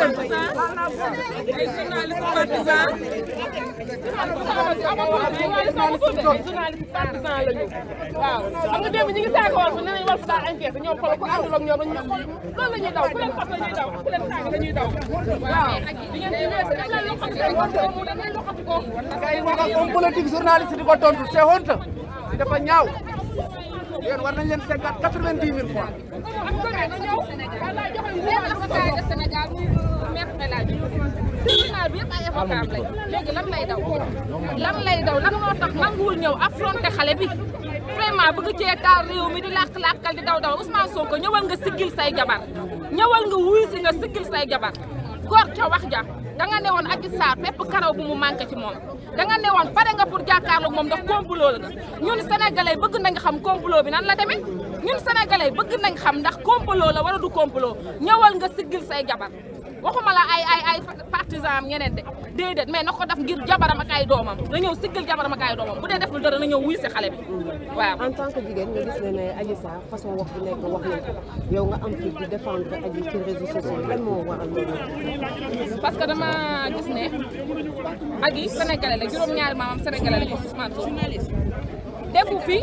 partisans ay journalistes partisans journalistes partisans lañu waaw kay wax ak homme politique journaliste di ko tontu c'est honte dafa ñaaw yéen war nañ leen seggaat quatre-vingt-dix mille laaj tribunal bi yëpp ay avocat lañ léegi lan lay daw lan lay daw lan moo tax nanguwul ñëw affronté xale bi vraiment bëgg cee réew mi di làkk-làkkal di daw daw Ousmane Sonko ñëwal nga siggil say jabar ñëwal nga wuyu nga siggil say jabar góor ca wax ja da ne woon Adji Sarr bépp karaw bu mu manqué ci moom da ne woon pare nga pour jàkkaarloog moom ndax complot la ñun sénégalais bëgg nañ xam complot bi nan la demee ñun sénégalais bëgg nañ xam ndax complot la wala du complot ñëwal nga siggil partisan am ñeneen de déedéet mais na ko def ngir jabaram ak ay doomam na ñëw siggal jabaram ak ay doomam bu dee def lu dara na ñëw wuy xale bi waaw. en tant que jigéen nga gis ne ne Adji Sarr façon wax bu nekk wax nañ yow nga am fi di défendre Adji ci réseaux sociaux lan moo waral loolu. parce que dama gis ne Adji sénégalais la juróom-ñaari maamam sénégalais la ko Ousmane Sow defu fi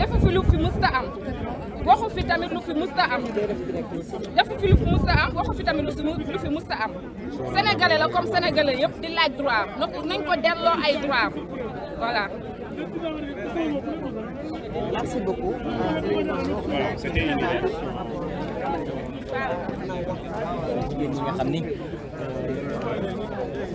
defu fi lu fi musta am waxu fi tamit lu fi musta am defu fi lu fi musta am waxu fi tamit lu fi musta am sénégalais la comme sénégalais yëpp di laaj droit am nañ ko delloo ay droit am voilà merci beaucoup jigéen ñi nga xam ni euh,